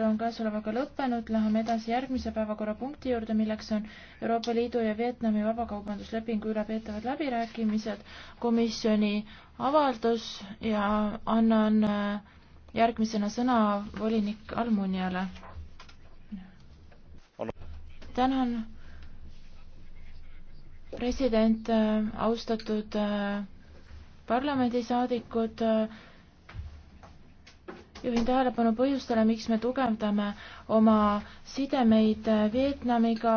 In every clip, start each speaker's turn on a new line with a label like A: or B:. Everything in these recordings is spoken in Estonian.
A: on käesolevaga lõppenud, läheme edasi järgmise päevakorrapunkti juurde, milleks on Euroopa Liidu ja Vietnami vabakaubanduslepingu üle peetavad läbirääkimised, komisjoni avaldus ja annan äh, järgmisena sõna volinik Almuniale. tänan, president, äh, austatud äh, parlamendisaadikud juhin tähelepanu põhjustele, miks me tugevdame oma sidemeid Vietnamiga.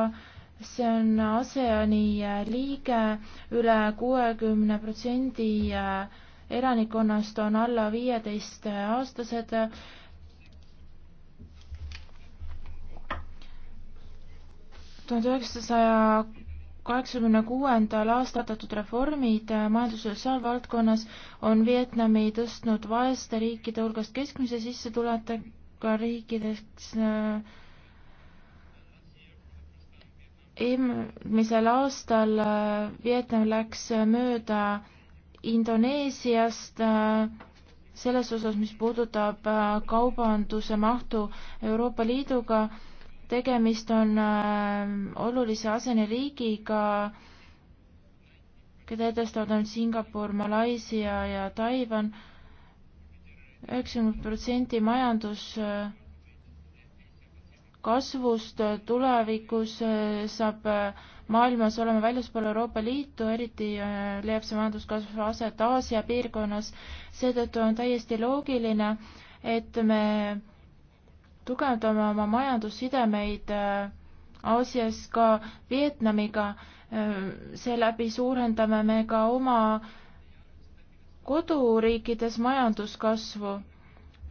A: see on ASEAN-i liige üle, üle kuuekümne protsendi äh, elanikkonnast on alla viieteist äh, aastased tuhande üheksasaja kaheksakümne kuuendal aastal algatatud reformid äh, majandus- ja sotsiaalvaldkonnas on Vietnami tõstnud vaeste riikide hulgast keskmise sissetulekuga riikideks äh, eelmisel aastal äh, Vietnam läks mööda Indoneesiast selles osas, mis puudutab kaubanduse mahtu Euroopa Liiduga tegemist on ähm, olulise aseneriigiga, keda edestavad ainult Singapur, Malaisia ja Taiwan. üheksakümmend protsenti majanduskasvust äh, äh, tulevikus äh, saab maailmas olema väljaspool Euroopa Liitu, eriti leiab see majanduskasv aset Aasia piirkonnas. seetõttu on täiesti loogiline, et me tugevdame oma majandussidemeid äh, Aasias ka Vietnamiga, äh, seeläbi suurendame me ka oma koduriikides majanduskasvu.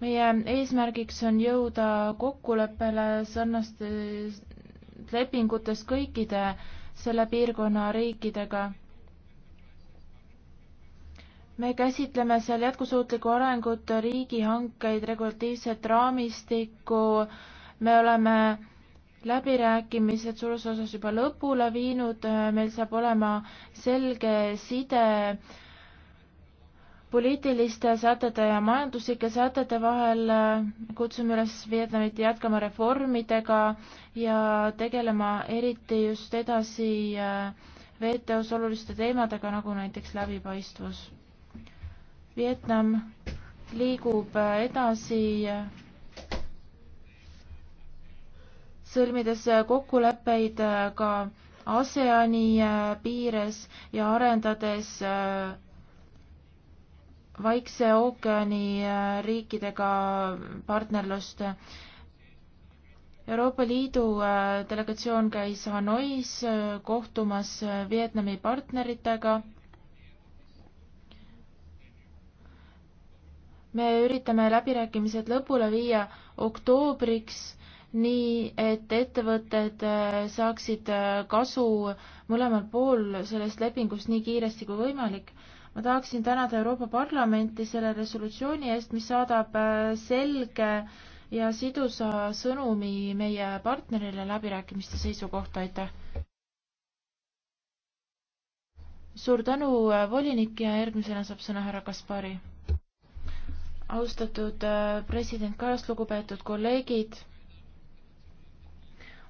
A: meie eesmärgiks on jõuda kokkuleppele sarnastes lepingutes kõikide selle piirkonna riikidega me käsitleme seal jätkusuutlikku arengut, riigihankeid, regulatiivset raamistikku, me oleme läbirääkimised suures osas juba lõpule viinud, meil saab olema selge side poliitiliste sätete ja majanduslike sätete vahel, kutsume üles Vietnamit jätkama reformidega ja tegelema eriti just edasi WTO-s äh, oluliste teemadega, nagu näiteks läbipaistvus Vietnam liigub edasi sõlmides kokkuleppeid ka ASEANi piires ja arendades Vaikse ookeani riikidega partnerlust. Euroopa Liidu äh, delegatsioon käis Hanois äh, kohtumas Vietnami partneritega me üritame läbirääkimised lõpule viia oktoobriks, nii et ettevõtted äh, saaksid äh, kasu mõlemal pool sellest lepingust nii kiiresti kui võimalik. ma tahaksin tänada Euroopa Parlamenti selle resolutsiooni eest, mis saadab äh, selge ja sidusa sõnumi meie partnerile läbirääkimiste seisukohta, aitäh! suur tänu, volinik ja järgmisena saab sõna härra Kaspari austatud äh, president Kallas, lugupeetud kolleegid.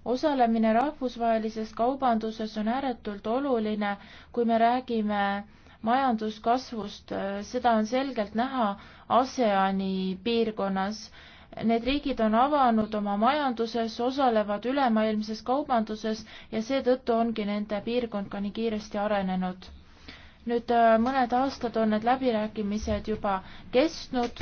A: osalemine rahvusvahelises kaubanduses on ääretult oluline, kui me räägime majanduskasvust, seda on selgelt näha ASEAN-i piirkonnas. Need riigid on avanud oma majanduses, osalevad ülemaailmses kaubanduses ja seetõttu ongi nende piirkond ka nii kiiresti arenenud nüüd äh, mõned aastad on need läbirääkimised juba kestnud,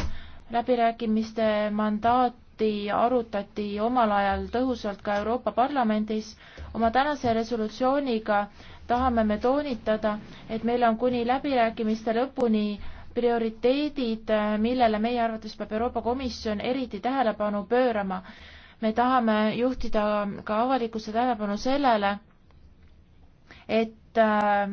A: läbirääkimiste mandaati arutati omal ajal tõhusalt ka Euroopa Parlamendis. oma tänase resolutsiooniga tahame me toonitada, et meil on kuni läbirääkimiste lõpuni prioriteedid, äh, millele meie arvates peab Euroopa Komisjon eriti tähelepanu pöörama. me tahame juhtida ka avalikkuse tähelepanu sellele, et äh,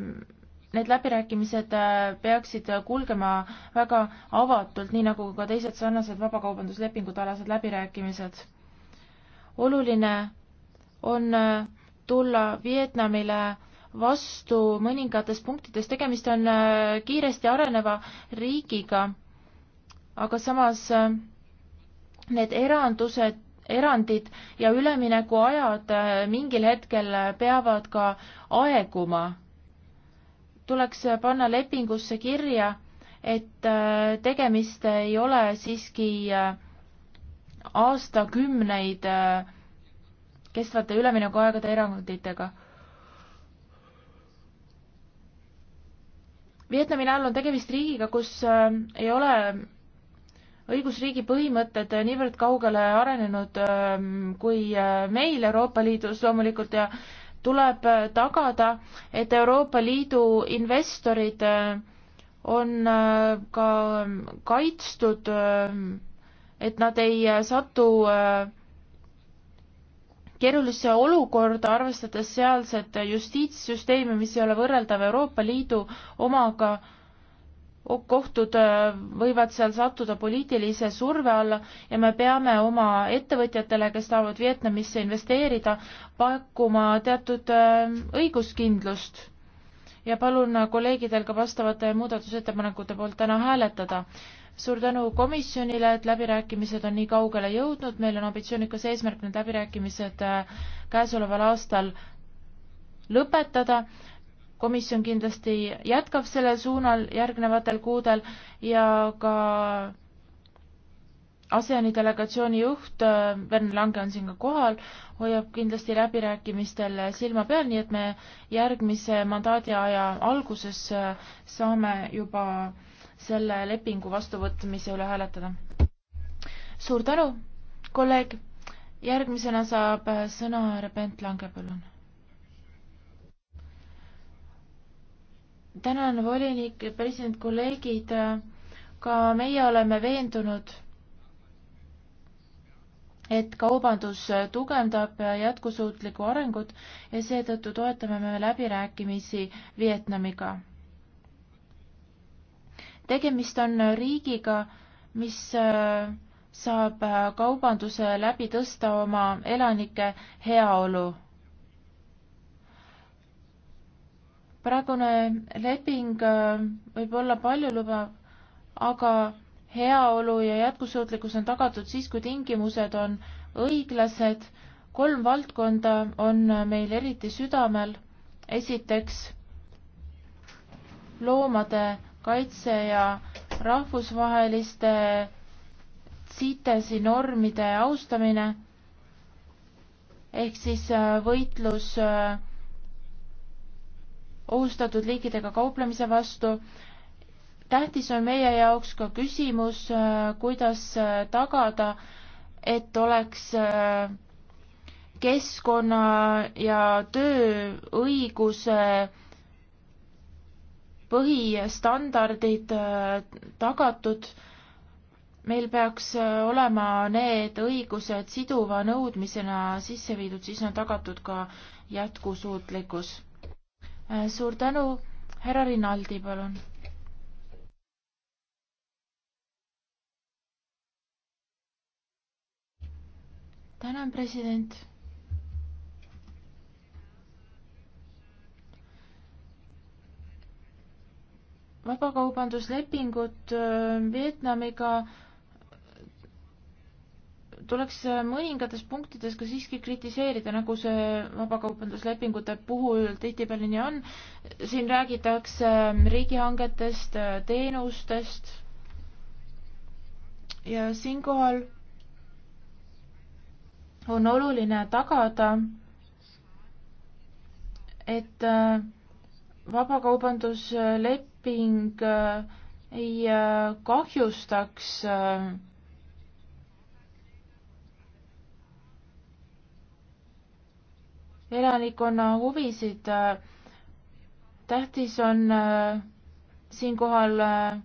A: need läbirääkimised äh, peaksid kulgema väga avatult, nii nagu ka teised sarnased vabakaubanduslepingute alased läbirääkimised. oluline on äh, tulla Vietnamile vastu mõningates punktides, tegemist on äh, kiiresti areneva riigiga, aga samas need erandused erandid ja üleminekuajad mingil hetkel peavad ka aeguma tuleks panna lepingusse kirja, et äh, tegemist ei ole siiski äh, aastakümneid äh, kestvate üleminekuaegade eranditega. Vietnami näol on tegemist riigiga, kus ei ole õigusriigi põhimõtted niivõrd kaugele arenenud kui meil Euroopa Liidus loomulikult ja tuleb äh, tagada, et Euroopa Liidu investorid äh, on äh, ka ähm, kaitstud, et nad ei satu keerulisse olukorda, arvestades sealset justiitssüsteemi, mis ei ole võrreldav Euroopa Liidu omaga kohtud äh, võivad seal sattuda poliitilise surve alla ja me peame oma ettevõtjatele, kes tahavad Vietnamisse investeerida, pakkuma teatud äh, õiguskindlust. ja palun äh, kolleegidel ka vastavate muudatusettepanekute poolt täna hääletada. suur tänu komisjonile, et läbirääkimised on nii kaugele jõudnud, meil on ambitsioonikas eesmärk need läbirääkimised käesoleval aastal lõpetada komisjon kindlasti jätkab sellel suunal järgnevatel kuudel ja ka ASEAN-i delegatsiooni juht äh, Vern Lange on siin ka kohal, hoiab kindlasti läbirääkimistel silma peal, nii et me järgmise mandaadiaja alguses äh, saame juba selle lepingu vastuvõtmise üle hääletada. suur tänu, kolleeg. järgmisena saab äh, sõna härra Bent Lange, palun tänan, volinik, president, kolleegid. ka meie oleme veendunud, et kaubandus tugevdab jätkusuutlikku arengut ja seetõttu toetame me läbirääkimisi Vietnamiga. tegemist on riigiga, mis äh, saab kaubanduse läbi tõsta oma elanike heaolu praegune leping äh, võib olla paljulubav, aga heaolu ja jätkusuutlikkus on tagatud siis, kui tingimused on õiglased. kolm valdkonda on meil eriti südamel. esiteks loomade kaitse ja rahvusvaheliste CITES-i normide austamine ehk siis äh, võitlus äh, ohustatud liikidega kauplemise vastu. tähtis on meie jaoks ka küsimus, äh, kuidas äh, tagada, et oleks äh, keskkonna ja tööõiguse põhistandardid tagatud meil peaks olema need õigused siduva nõudmisena sisse viidud, siis on tagatud ka jätkusuutlikkus Äh, suur tänu, härra Rinaldi, palun. tänan, president. vabakaubanduslepingut äh, Vietnamiga tuleks äh, mõningates punktides ka siiski kritiseerida, nagu see vabakaubanduslepingute puhul tihtipeale nii on. siin räägitakse ähm, riigihangetest, äh, teenustest ja siinkohal on oluline tagada, et äh, vabakaubandusleping ei kahjustaks äh, elanikkonna huvisid. tähtis on äh, siinkohal äh,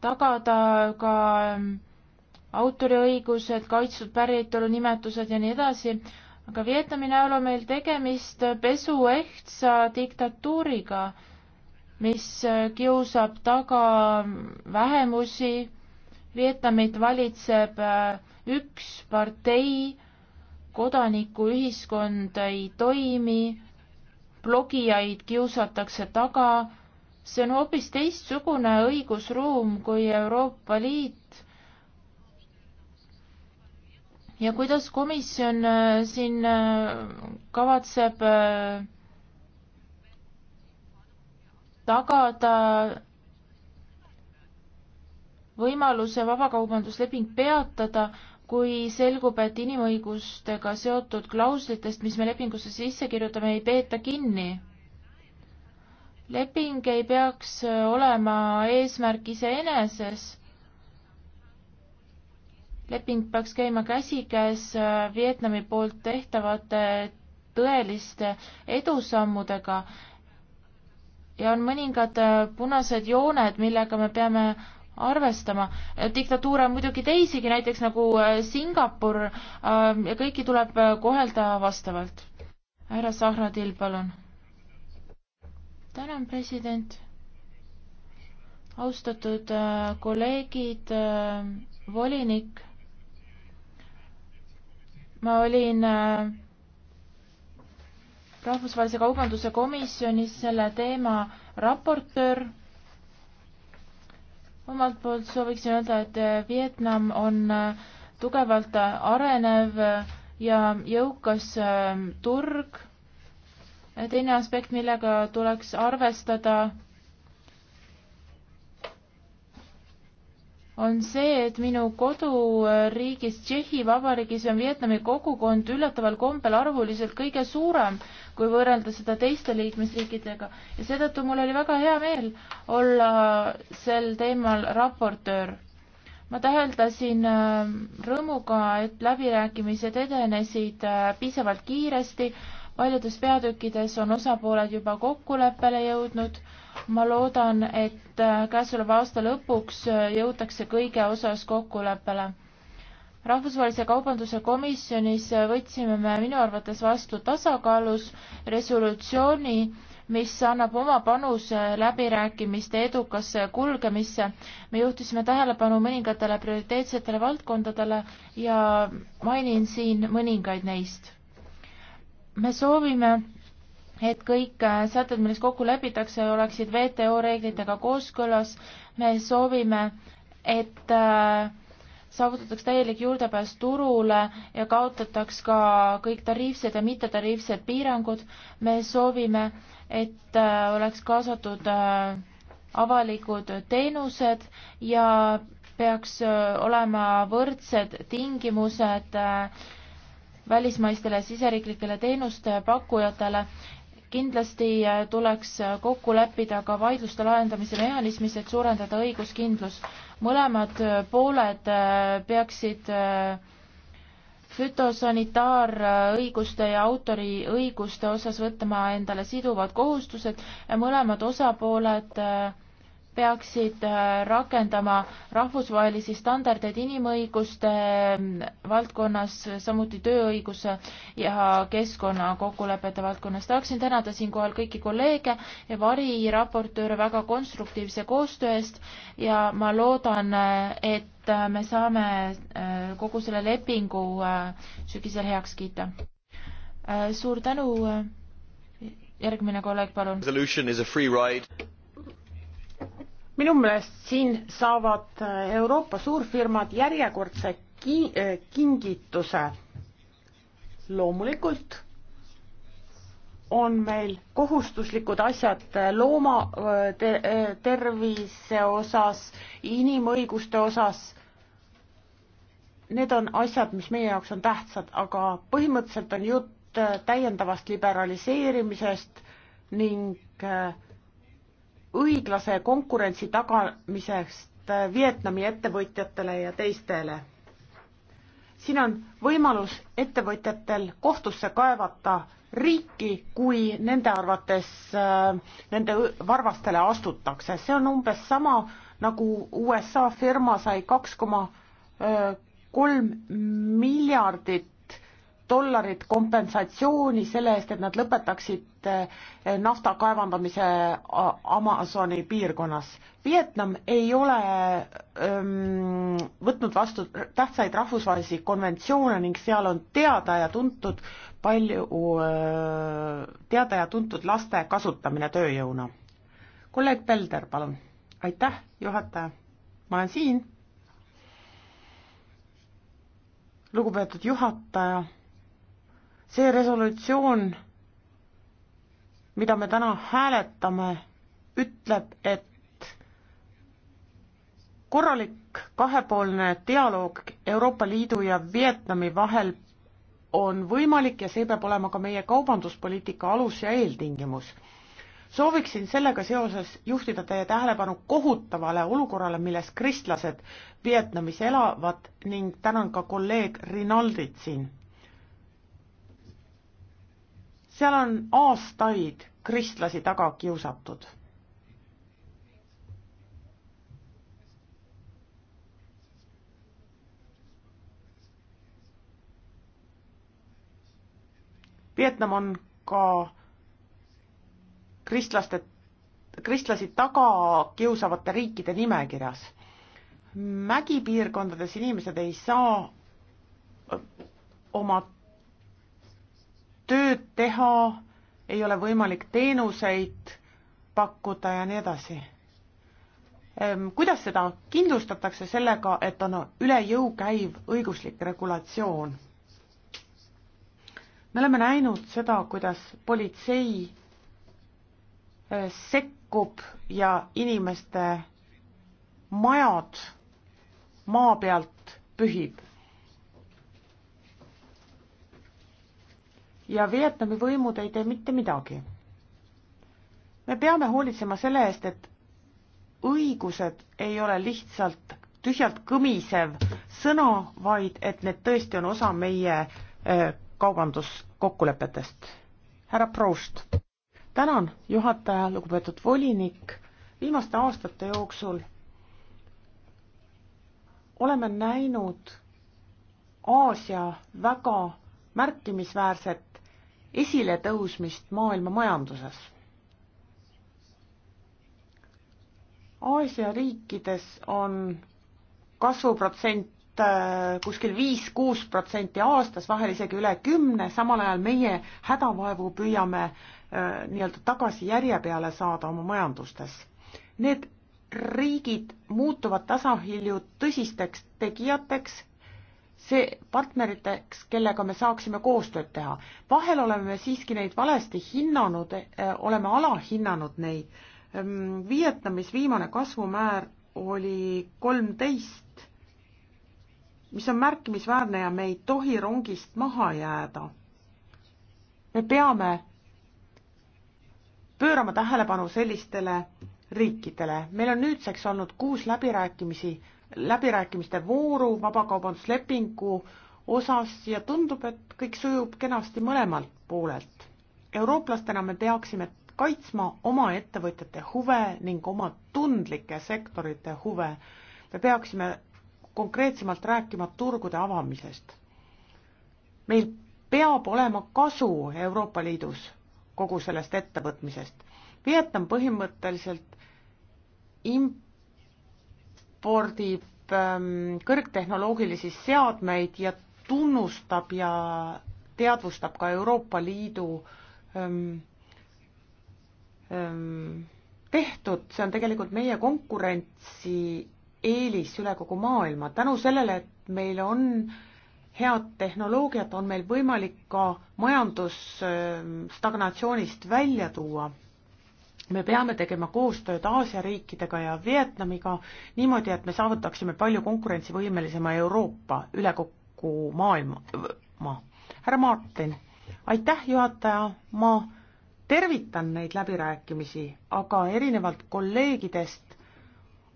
A: tagada ka ähm, autoriõigused, kaitstud päritolunimetused ja nii edasi, aga Vietnami näol on meil tegemist pesuehtsa diktatuuriga, mis äh, kiusab taga vähemusi Vietnamit valitseb äh, üks partei, kodanikuühiskond ei toimi, blogijaid kiusatakse taga, see on hoopis teistsugune õigusruum kui Euroopa Liit. ja kuidas komisjon äh, siin äh, kavatseb tagada võimaluse vabakaubandusleping peatada, kui selgub, et inimõigustega seotud klauslitest, mis me lepingusse sisse kirjutame, ei peeta kinni. leping ei peaks olema eesmärk iseeneses. leping peaks käima käsikäes Vietnami poolt tehtavate tõeliste edusammudega ja on mõningad punased jooned, millega me peame arvestama. diktatuure on muidugi teisigi, näiteks nagu äh, Singapur ähm, ja kõiki tuleb äh, kohelda vastavalt. härra Sahradil, palun. tänan, president. austatud äh, kolleegid, volinik. ma olin rahvusvahelise kaubanduse komisjonis selle teema raportöör omalt poolt sooviksin öelda, et äh, Vietnam on äh, tugevalt äh, arenev ja jõukas turg. teine aspekt, millega tuleks arvestada on see, et minu koduriigis Tšehhi Vabariigis on Vietnami kogukond üllataval kombel arvuliselt kõige suurem, kui võrrelda seda teiste liikmesriikidega ja seetõttu mul oli väga hea meel olla sel teemal raportöör. ma täheldasin äh, rõõmuga, et läbirääkimised edenesid äh, piisavalt kiiresti paljudes peatükkides on osapooled juba kokkuleppele jõudnud. ma loodan, et äh, käesoleva aasta lõpuks äh, jõutakse kõige osas kokkuleppele. rahvusvahelise kaubanduse komisjonis äh, võtsime me minu arvates vastu tasakaalus resolutsiooni, mis annab oma panuse läbirääkimiste edukasse kulgemisse. me juhtisime tähelepanu mõningatele prioriteetsetele valdkondadele ja mainin siin mõningaid neist me soovime, et kõik äh, sätted, milles kokku lepitakse, oleksid WTO reeglitega kooskõlas. me soovime, et äh, saavutataks täielik juurdepääs turule ja kaotataks ka kõik tariifsed ja mittetariifsed piirangud. me soovime, et äh, oleks kaasatud avalikud teenused ja peaks olema võrdsed tingimused äh, välismaistele siseriiklikele teenuste pakkujatele. kindlasti äh, tuleks äh, kokku leppida ka vaidluste lahendamise mehhanismis, et suurendada õiguskindlus. mõlemad äh, pooled peaksid fütosanitaarõiguste ja autoriõiguste osas võtma endale siduvad kohustused, mõlemad osapooled äh, peaksid äh, rakendama rahvusvahelisi standardeid inimõiguste ähm, valdkonnas, samuti tööõiguse ja keskkonnakokkulepete valdkonnas. tahaksin tänada siinkohal kõiki kolleege ja variraportööre väga konstruktiivse koostöö eest ja ma loodan, äh, et äh, me saame kogu selle lepingu sügisel heaks kiita. suur tänu, järgmine kolleeg, palun
B: minu meelest siin saavad äh, Euroopa suurfirmad järjekordse ki-, äh, kingituse. loomulikult on meil kohustuslikud asjad äh, loomade tervise osas, inimõiguste osas, need on asjad, mis meie jaoks on tähtsad, aga põhimõtteliselt on jutt täiendavast liberaliseerimisest ning äh, õiglase konkurentsi tagamisest Vietnami ettevõtjatele ja teistele. siin on võimalus ettevõtjatel kohtusse kaevata riiki, kui nende arvates äh, nende varvastele astutakse, see on umbes sama, nagu USA firma sai kaks koma äh, kolm miljardit dollarit kompensatsiooni selle eest, et nad lõpetaksid eh, nafta kaevandamise Amazoni piirkonnas. Vietnam ei ole öm, ehm, võtnud vastu tähtsaid rahvusvahelisi konventsioone ning seal on teada ja tuntud palju, eh, teada ja tuntud laste kasutamine tööjõuna. kolleeg Pelder, palun. aitäh, juhataja. ma olen siin. lugupeetud juhataja see resolutsioon, mida me täna hääletame, ütleb, et korralik kahepoolne dialoog Euroopa Liidu ja Vietnami vahel on võimalik ja see peab olema ka meie kaubanduspoliitika alus ja eeltingimus. sooviksin sellega seoses juhtida teie tähelepanu kohutavale olukorrale, milles kristlased Vietnamis elavad ning tänan ka kolleeg Rinaldit siin seal on aastaid kristlasi taga kiusatud. Vietnam on ka kristlaste, kristlasi taga kiusavate riikide nimekirjas. mägipiirkondades inimesed ei saa oma teha, ei ole võimalik teenuseid pakkuda ja nii edasi. Ehm, kuidas seda kindlustatakse sellega, et on üle jõu käiv õiguslik regulatsioon? me oleme näinud seda, kuidas politsei eh, sekkub ja inimeste majad maa pealt pühib ja Vietnami võimud ei tee mitte midagi. me peame hoolitsema selle eest, et õigused ei ole lihtsalt tühjalt kõmisev sõna, vaid et need tõesti on osa meie eh, kaubanduskokkulepetest. härra Proust. tänan, juhataja, lugupeetud volinik, viimaste aastate jooksul oleme näinud Aasia väga märkimisväärset esiletõusmist maailma majanduses. Aasia riikides on kasvuprotsent äh, kuskil viis-kuus protsenti aastas, vahel isegi üle kümne, samal ajal meie hädavaevu püüame äh, nii-öelda tagasi järje peale saada oma majandustes. Need riigid muutuvad tasahilju tõsisteks tegijateks see partneriteks, kellega me saaksime koostööd teha. vahel oleme siiski neid valesti hinnanud, eh, oleme alahinnanud neid. Ehm, Vietnamis viimane kasvumäär oli kolmteist, mis on märkimisväärne ja me ei tohi rongist maha jääda. me peame pöörama tähelepanu sellistele riikidele. meil on nüüdseks olnud kuus läbirääkimisi läbirääkimiste vooru vabakaubanduslepingu osas ja tundub, et kõik sujub kenasti mõlemalt poolelt. eurooplastena me peaksime kaitsma oma ettevõtjate huve ning oma tundlike sektorite huve. me peaksime konkreetsemalt rääkima turgude avamisest. meil peab olema kasu Euroopa Liidus kogu sellest ettevõtmisest. Vietnam põhimõtteliselt imp-, ekspordib ähm, kõrgtehnoloogilisi seadmeid ja tunnustab ja teadvustab ka Euroopa Liidu ähm, ähm, tehtud, see on tegelikult meie konkurentsi eelis üle kogu maailma, tänu sellele, et meil on head tehnoloogiat, on meil võimalik ka majandus ähm, stagnatsioonist välja tuua me peame tegema koostööd Aasia riikidega ja Vietnamiga niimoodi, et me saavutaksime palju konkurentsivõimelisema Euroopa üle kokku maailma. härra Martin, aitäh, juhataja, ma tervitan neid läbirääkimisi, aga erinevalt kolleegidest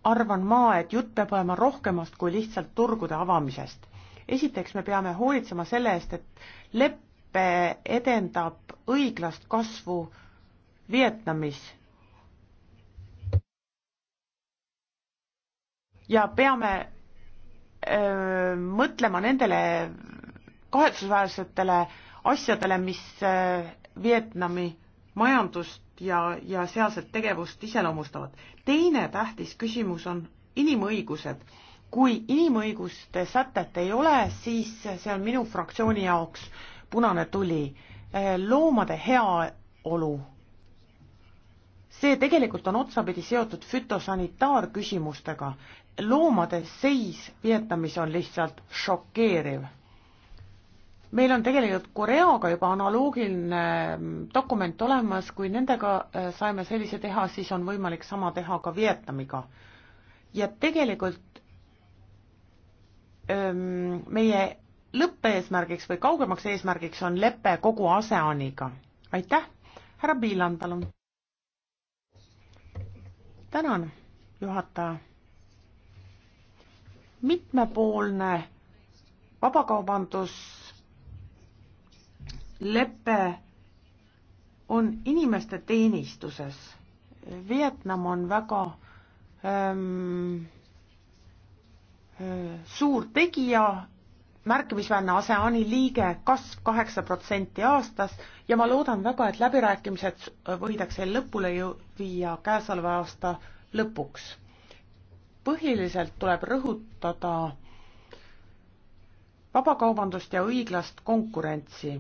B: arvan ma, et jutt peab olema rohkemast kui lihtsalt turgude avamisest. esiteks me peame hoolitsema selle eest, et leppe edendab õiglast kasvu Vietnamis ja peame öö, mõtlema nendele kahetsusväärsetele asjadele, mis öö, Vietnami majandust ja, ja sealset tegevust iseloomustavad. teine tähtis küsimus on inimõigused. kui inimõiguste sätet ei ole, siis see on minu fraktsiooni jaoks punane tuli. loomade heaolu see tegelikult on otsapidi seotud fütosanitaarküsimustega. loomade seis Vietnamis on lihtsalt šokeeriv. meil on tegelikult Koreaga juba analoogiline mm, dokument olemas, kui nendega äh, saime sellise teha, siis on võimalik sama teha ka Vietnamiga. ja tegelikult öö, ähm, meie lõppeesmärgiks või kaugemaks eesmärgiks on lepe kogu ASEANiga. aitäh, härra Piilan, palun! tänan, juhataja. mitmepoolne vabakaubanduslepe on inimeste teenistuses. Vietnam on väga ähm, äh, suur tegija märkimisväärne ASEAN-i liige, kasv kaheksa protsenti aastas ja ma loodan väga, et läbirääkimised võidakse lõpule ju viia käesoleva aasta lõpuks. põhiliselt tuleb rõhutada vabakaubandust ja õiglast konkurentsi.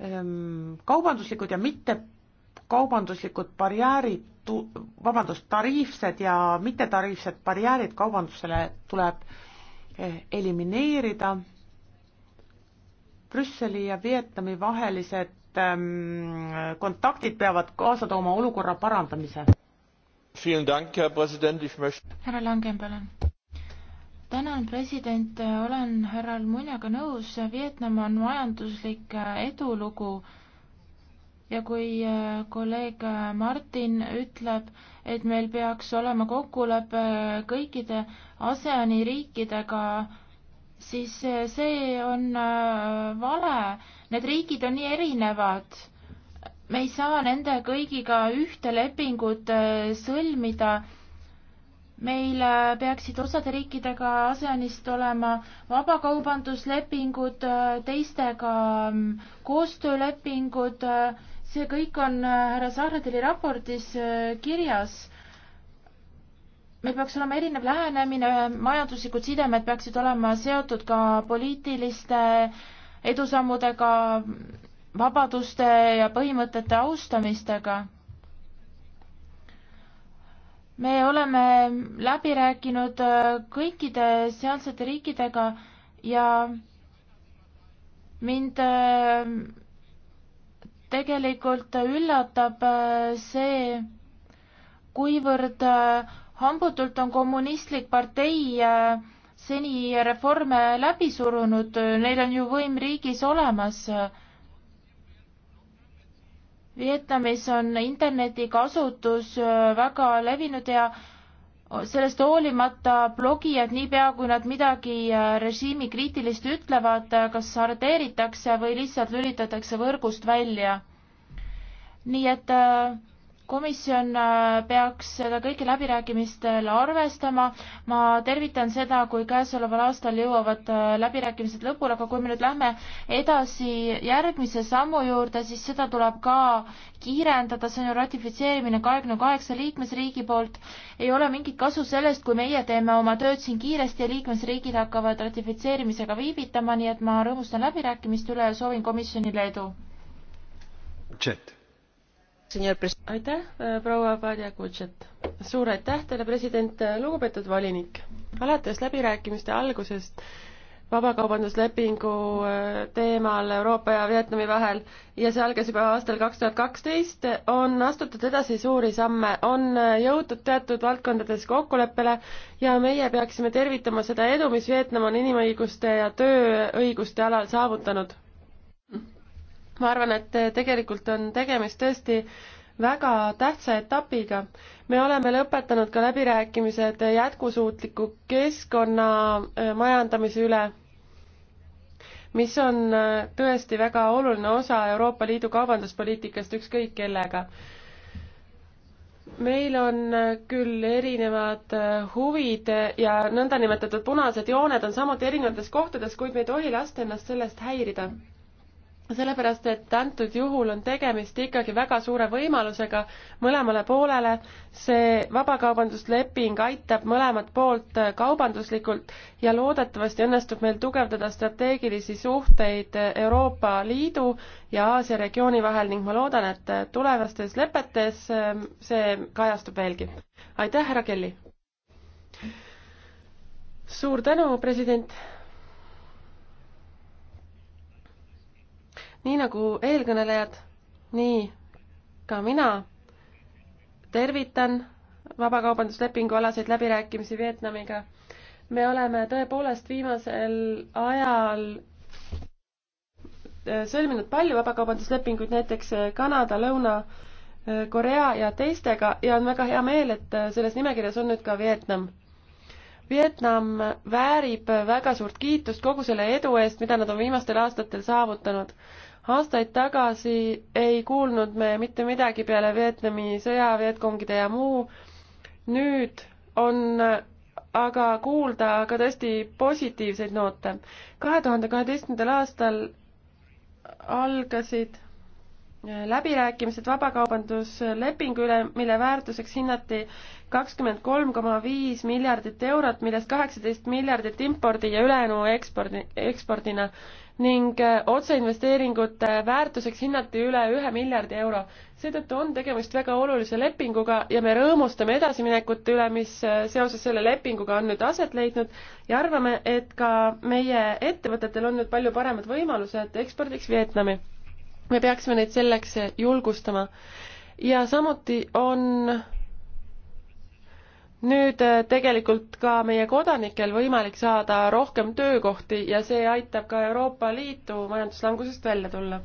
B: Ehm, kaubanduslikud ja mittekaubanduslikud barjäärid tu-, vabandust, tariifsed ja mittetariifsed barjäärid kaubandusele tuleb elimineerida. Brüsseli ja Vietnami vahelised ähm, kontaktid peavad kaasa tooma olukorra parandamise. härra
A: Langen, palun. tänan, president, olen härra Almuniaga nõus, Vietnam on majanduslik äh, edulugu ja kui äh, kolleeg äh, Martin ütleb, et meil peaks olema kokkulepe kõikide ASEAN-i riikidega, siis äh, see on vale. Need riigid on nii erinevad. me ei saa nende kõigiga ühte lepingut sõlmida. meil peaksid osade riikidega ASEAN-ist olema vabakaubanduslepingud, teistega mm, koostöölepingud see kõik on äh, härra Saarneteli raportis äh, kirjas. meil peaks olema erinev lähenemine, majanduslikud sidemed peaksid olema seotud ka poliitiliste edusammudega, vabaduste ja põhimõtete austamistega me oleme läbi rääkinud äh, kõikide sealsete riikidega ja mind tegelikult üllatab äh, see, kuivõrd äh, hambutult on kommunistlik partei äh, seni reforme läbi surunud, neil on ju võim riigis olemas. Vietnamis on internetikasutus väga levinud ja sellest hoolimata blogijad, niipea kui nad midagi äh, režiimi kriitilist ütlevad, äh, kas arreteeritakse või lihtsalt lülitatakse võrgust välja. nii et äh, komisjon äh, peaks seda kõike läbirääkimistel arvestama. ma tervitan seda, kui käesoleval aastal jõuavad äh, läbirääkimised lõpule, aga kui me nüüd lähme edasi järgmise sammu juurde, siis seda tuleb ka kiirendada, see on ju ratifitseerimine kahekümne kaheksa liikmesriigi poolt. ei ole mingit kasu sellest, kui meie teeme oma tööd siin kiiresti ja liikmesriigid hakkavad ratifitseerimisega viivitama, nii et ma rõõmustan läbirääkimiste üle ja soovin komisjonile edu. Chat
C: aitäh, äh, proua Padja Kutšet. suur aitäh teile, president, lugupeetud volinik. alates läbirääkimiste algusest vabakaubanduslepingu äh, teemal Euroopa ja Vietnami vahel ja see algas juba aastal kaks tuhat kaksteist, on astutud edasi suuri samme, on äh, jõutud teatud valdkondades kokkuleppele ja meie peaksime tervitama seda edu, mis Vietnam on inimõiguste ja tööõiguste alal saavutanud ma arvan, et tegelikult on tegemist tõesti väga tähtsa etapiga. me oleme lõpetanud ka läbirääkimised jätkusuutliku keskkonna äh, majandamise üle, mis on äh, tõesti väga oluline osa Euroopa Liidu kaubanduspoliitikast ükskõik kellega. meil on äh, küll erinevad huvid ja nõndanimetatud punased jooned on samuti erinevates kohtades, kuid me ei tohi lasta ennast sellest häirida sellepärast, et antud juhul on tegemist ikkagi väga suure võimalusega mõlemale poolele. see vabakaubandusleping aitab mõlemat poolt kaubanduslikult ja loodetavasti õnnestub meil tugevdada strateegilisi suhteid Euroopa Liidu ja Aasia regiooni vahel ning ma loodan, et tulevastes lepetes see kajastub veelgi. aitäh, härra Kelly! suur tänu, president! nii nagu eelkõnelejad, nii ka mina tervitan vabakaubanduslepingu alaseid läbirääkimisi Vietnamiga. me oleme tõepoolest viimasel ajal äh, sõlminud palju vabakaubanduslepinguid, näiteks äh, Kanada, Lõuna-Korea äh, ja teistega ja on väga hea meel, et selles nimekirjas on nüüd ka Vietnam. Vietnam väärib väga suurt kiitust kogu selle edu eest, mida nad on viimastel aastatel saavutanud aastaid tagasi ei kuulnud me mitte midagi peale Vietnami sõja, Vietkongide ja muu. nüüd on aga kuulda ka tõesti positiivseid noote. kahe tuhande kaheteistkümnendal aastal algasid eh, läbirääkimised vabakaubanduslepingu üle, mille väärtuseks hinnati kakskümmend kolm koma viis miljardit eurot, millest kaheksateist miljardit impordi ja ülejäänu ekspordi, ekspordina ning äh, otseinvesteeringute väärtuseks hinnati üle ühe miljardi euro. seetõttu on tegemist väga olulise lepinguga ja me rõõmustame edasiminekute üle, mis äh, seoses selle lepinguga on nüüd aset leidnud ja arvame, et ka meie ettevõtetel on nüüd palju paremad võimalused ekspordiks Vietnami. me peaksime neid selleks julgustama. ja samuti on nüüd äh, tegelikult ka meie kodanikel võimalik saada rohkem töökohti ja see aitab ka Euroopa Liitu majanduslangusest välja tulla.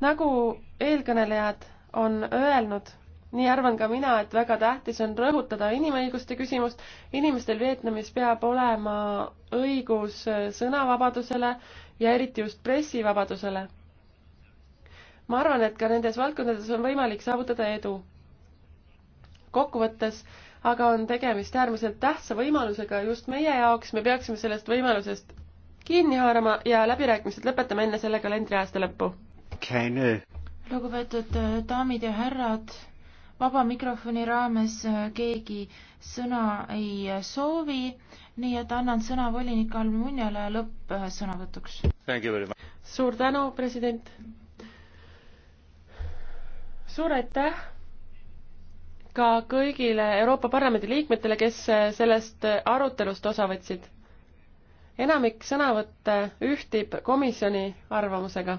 C: nagu eelkõnelejad on öelnud, nii arvan ka mina, et väga tähtis on rõhutada inimõiguste küsimust. inimestel Vietnamis peab olema õigus äh, sõnavabadusele ja eriti just pressivabadusele. ma arvan, et ka nendes valdkondades on võimalik saavutada edu. kokkuvõttes aga on tegemist äärmiselt tähtsa võimalusega just meie jaoks, me peaksime sellest võimalusest kinni haarama ja läbirääkimised lõpetame enne selle kalendriaasta lõppu.
A: lugupeetud äh, daamid ja härrad, vaba mikrofoni raames äh, keegi sõna ei äh, soovi, nii et annan sõna volinik Almuniale lõppsõnavõtuks. suur tänu, president. suur aitäh
C: ka kõigile Euroopa Parlamendi liikmetele, kes äh, sellest äh, arutelust osa võtsid. enamik sõnavõtte ühtib komisjoni arvamusega.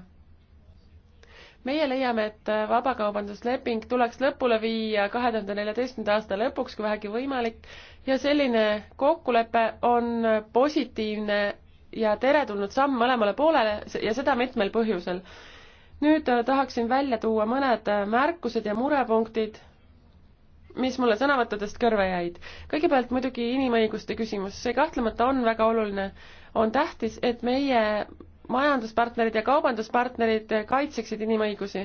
C: meie leiame, et äh, vabakaubandusleping tuleks lõpule viia kahe tuhande neljateistkümnenda aasta lõpuks, kui vähegi võimalik, ja selline kokkulepe on positiivne ja teretulnud samm mõlemale poolele ja seda mitmel põhjusel. nüüd tahaksin välja tuua mõned märkused ja murepunktid, mis mulle sõnavõttudest kõrva jäid. kõigepealt muidugi inimõiguste küsimus, see kahtlemata on väga oluline. on tähtis, et meie majanduspartnerid ja kaubanduspartnerid kaitseksid inimõigusi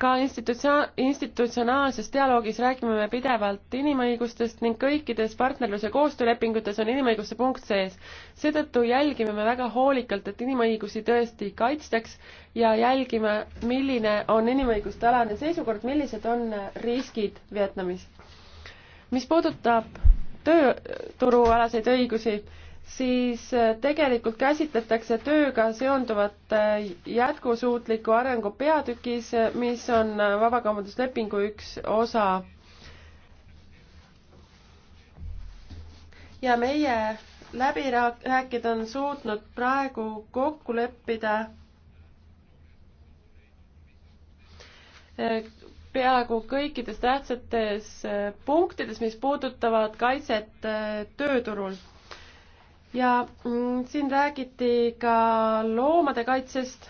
C: ka institutsioon, institutsionaalses dialoogis räägime me pidevalt inimõigustest ning kõikides partnerlus- ja koostöölepingutes on inimõiguste punkt sees. seetõttu jälgime me väga hoolikalt, et inimõigusi tõesti kaitstaks ja jälgime, milline on inimõiguste alane seisukord, millised on riskid Vietnamis. mis puudutab tööturualaseid õigusi, siis äh, tegelikult käsitletakse tööga seonduvat äh, jätkusuutliku arengu peatükis, äh, mis on vabakaubanduslepingu üks osa. ja meie läbirääkijad on suutnud praegu kokku leppida peaaegu kõikides tähtsates punktides, mis puudutavad kaitset tööturul ja mm, siin räägiti ka loomade kaitsest.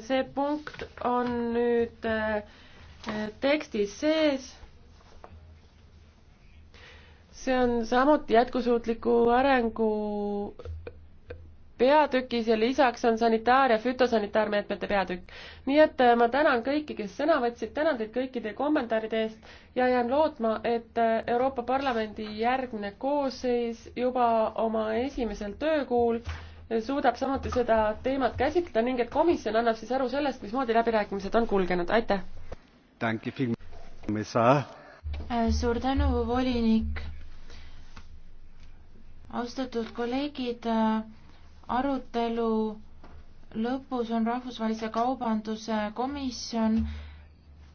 C: see punkt on nüüd äh, tekstis sees. see on samuti jätkusuutliku arengu peatükis ja lisaks on sanitaar- ja fütosanitaarmeetmete peatükk. nii et äh, ma tänan kõiki, kes sõna võtsid, tänan teid kõikide kommentaaride eest ja jään lootma, et äh, Euroopa Parlamendi järgmine koosseis juba oma esimesel töökuul äh, suudab samuti seda teemat käsitleda ning et komisjon annab siis aru sellest, mismoodi läbirääkimised
A: on kulgenud, aitäh! suur tänu, volinik! austatud kolleegid, arutelu lõpus on Rahvusvahelise Kaubanduse Komisjon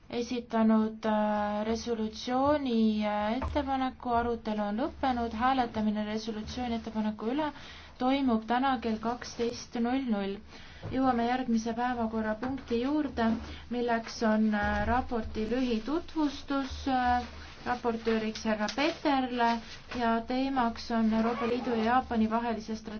A: esitanud äh, resolutsiooni äh, ettepaneku, arutelu on lõppenud, hääletamine resolutsiooni ettepaneku üle toimub täna kell kaksteist null null. jõuame järgmise päevakorrapunkti juurde, milleks on äh, raporti lühitutvustus raportööriks härra Peterle ja teemaks on Euroopa Liidu ja Jaapani vahelise strateegia